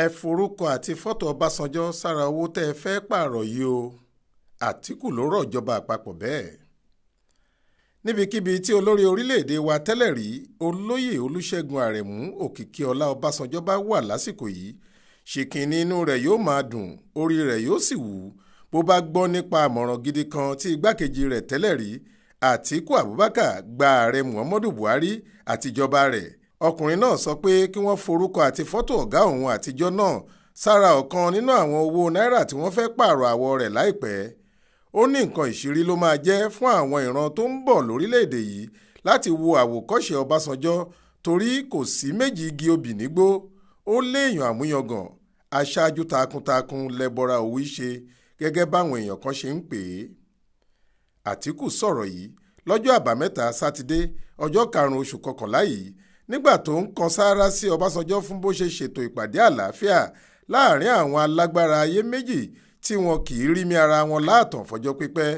ẹ forúkọ àti fọ́tò ọbásanjọ́ sára owó tẹ́ ẹ fẹ́ pààrọ̀ yìí o àtìkù ló rọ̀ ìjọba àpapọ̀ bẹ́ẹ̀ níbikíbi tí olórí orílẹ̀-èdè wa tẹ́lẹ̀ rí olóyè olúṣẹ́gun àrẹ̀mú òkìkíọlá ọbásanjọ́ bá wà lásìkò yìí ṣìkìní inú rẹ̀ yóò máa dùn orí rẹ̀ yóò sì wú bó bá gbọ́ nípa àmọ̀ràn gidi kan tí igbákejì rẹ̀ tẹ́lẹ̀ rí àtìkù abubakar gba ààrẹ muhammadu buhari àtijọba rẹ̀ ọkùnrin náà sọ pé kí wọ́n forúkọ àti fọ́tò ọ̀gá òun àtijọ́ náà sára ọ̀kan nínú àwọn owó náírà tí wọ́n fẹ́ pààrọ̀ àwọ̀ rẹ̀ láìpẹ́ ó ní nǹkan ìṣírí ló máa jẹ́ fún àwọn ìran tó ń bọ̀ lórílẹ̀‐èdè yìí láti wo àwòkọ́ṣe Ọbásanjọ́ torí kò sí méjì igi obì nígbó ó léèyàn àmúyangàn aṣáájú takuntakun lẹ́bọra òwì ṣe gẹ́gẹ́ báwọn èèyàn kan ṣe ń pè é Àtíkù sọ̀rọ̀ yìí lọ́jọ́ àbámẹ́ta sátidé ọjọ́ karùn-ún oṣù kọkànlá yìí nígbà tó ń kan sáárá sí Ọbásanjọ́ fún bó ṣe ṣètò ìpàdé àlàáfíà láàrin àwọn alágbára ayé méjì tí wọn kì í rí mi ara wọn láàtàn fọjọ́ pípẹ́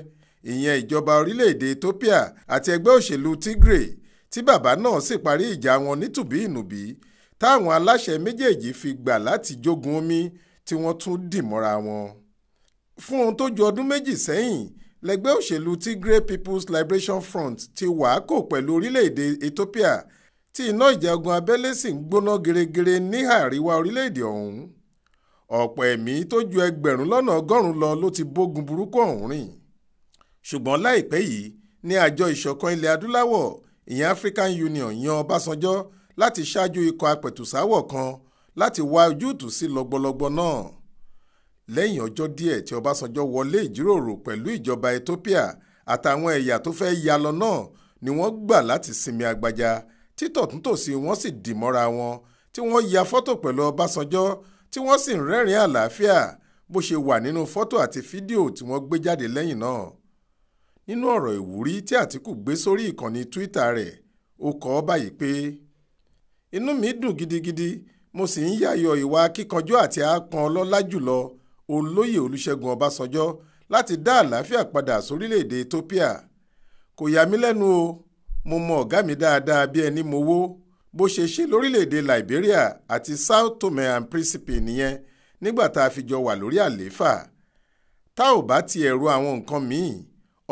ìyẹn ìjọba orílẹ̀-èdè Ethiopia àti ẹgbẹ́ òṣèlú Tigray tí bàbá náà sì parí ìjà wọn nítùbí ìnùbí táwọn aláṣẹ méjèèjì fi gbà láti jogun omi tí wọ́n tún dì mọ́ra wọn. fún ohun tó ju ọdún méjì sẹ́yìn lẹgbẹ́ òṣèlú Tigray People's Liberation Front ti wàákò pẹ̀lú orílẹ̀-èdè Ethiopia tí iná ìjagun abẹ́lé sì ń gbóná geregere níhà àríwá orílẹ̀-èdè ọ̀hún ọ̀pọ̀ ẹ̀mí tó ju ẹgbẹ̀rún lọ́nà ọgọ́rùn-ún lọ ló ti bógun burúkú ọ̀hún rìn ṣùgbọ́n láìpẹ́ yìí ní àjọ ìṣọ̀kan ilẹ̀ adúláwọ̀ ìyẹn African Union yan Ọbásanjọ́ láti ṣáájú ikọ̀ apẹ̀tùsáwọ̀ kan láti wá ojútùú sí lọ́gbọ́lọ́gbọ́ náà lẹ́yìn ọjọ́ díẹ̀ tí Ọbásanjọ́ wọlé ìjíròrò pẹ̀lú ìjọba Ethiopia àtàwọn ẹ̀yà tó fẹ́ yalọ náà ni wọ́n gbà láti sinmi agbaja títọ̀túntòsì wọ́n sì dì mọ́ra wọn tí wọ́n ya fọ́tò pẹ̀lú Ọbásanjọ́ tí wọ́n sì ń rẹ́rìn-ín àlàáfíà bó ṣe wà nínú fọ́tò àti fídíò tí wọ́n gbé jáde lẹ́yìn náà nínú ọ̀rọ̀ ìwúrí tí Àtìkù gbé sórí ìkànnì Twitter rẹ̀ ó kọ ọ́ báyìí pé inú mi dùn gidigidi mo sì ń yàyọ̀ ìwà kíkanjú àti àpọn ọlọ́lá jùlọ olóyè Olúṣẹ́gun Ọbásanjọ́ láti dá àlàáfíà padà sórílẹ̀-èdè Ethiopia kò yà mí lẹ́nu o mo mọ ọ̀gá mi dáadáa bí ẹni mowó bó ṣe ṣe lórílẹ̀‐èdè Liberia àti south Tome and Principe nìyẹn nígbà tá a fi jọ wà lórí àlééfà tá ò bá ti ẹ̀rù àwọn nǹkan míì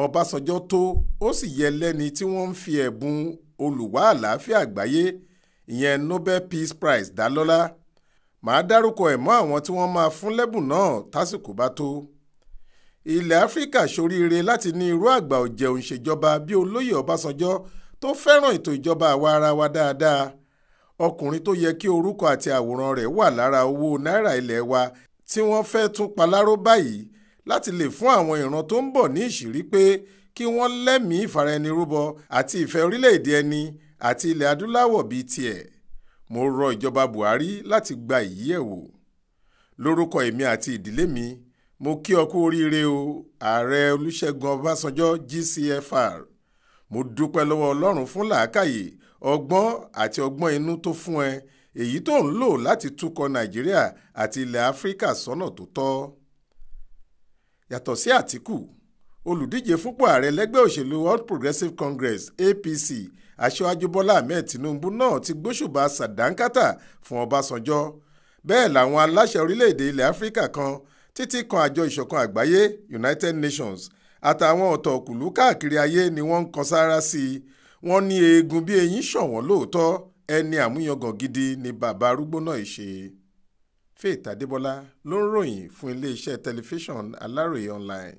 Ọbásanjọ́ tó ó sì yẹ lẹ́ni tí wọ́n ń fi ẹ̀bùn olùwá àlàáfíà àgbáyé ìyẹn Nobel Peace Prize dá lọ́lá màá dárúkọ ẹ̀ mọ́ àwọn tí wọ́n máa fún lẹ́bùn náà tásìkò bá tó ilẹ̀ Áfíríkà ṣoríire láti ní irú àgbà ọ̀jẹun ṣèjọba bí olóyè Ọbásanjọ́ tó fẹ́ràn ètò ìjọba àwa ara wa dáadáa ọkùnrin tó yẹ kí orúkọ àti àwòrán rẹ̀ wà lára owó náírà ilẹ̀ wa tí wọ́n fẹ́ tún paláró báyìí láti lè fún àwọn ìran tó ń bọ̀ ní ìṣírí pé kí wọ́n lẹ́mìí ìfaraẹnirúbọ àti ìfẹ́ orílẹ̀-èdè ẹni àti ilẹ̀ adúláwọ̀ bíi tiẹ̀ mo rọ ìjọba Buhari láti gba èyí yẹ̀ wò lórúkọ èmi àti ìdílé mi mo kí ọ oríire o ààrẹ Olúṣẹ́gun Ọbásanjọ́ GCFR mo dúpẹ́ lọ́wọ́ ọlọ́run fún làákàyè ọgbọ́n àti ọgbọ́n inú tó fún ẹ èyí tó ń lò láti túkọ̀ nàìjíríà àti ilẹ̀ áfíríkà sọ́nà tó tọ́ yàtọ̀ sí àtìkù olùdíje fúnpọ̀ ààrẹ lẹ́gbẹ́ òṣèlú all progressives congress apc aṣíwájú bọ́lá ahmed tinubu náà ti gbóṣùbà sàdánkátà fún ọbásanjọ́ bẹ́ẹ̀ làwọn aláṣẹ orílẹ̀-èdè ilẹ̀ áfíríkà kan títí kan àjọ ìṣọ̀kan àgbáyé united nations àtàwọn ọ̀tọ̀kùlú káàkiri ayé ni wọ́n ń kan sáárá sí i wọ́n ní eegun bí eyín ṣọ̀wọ́n lóòótọ́ ẹni àmúyangàn gidi ni bàbá arúgbó náà ṣe. Faith Adébọlá ló ń ròyìn fún iléeṣẹ́ tẹlifíṣàn Aláròye online.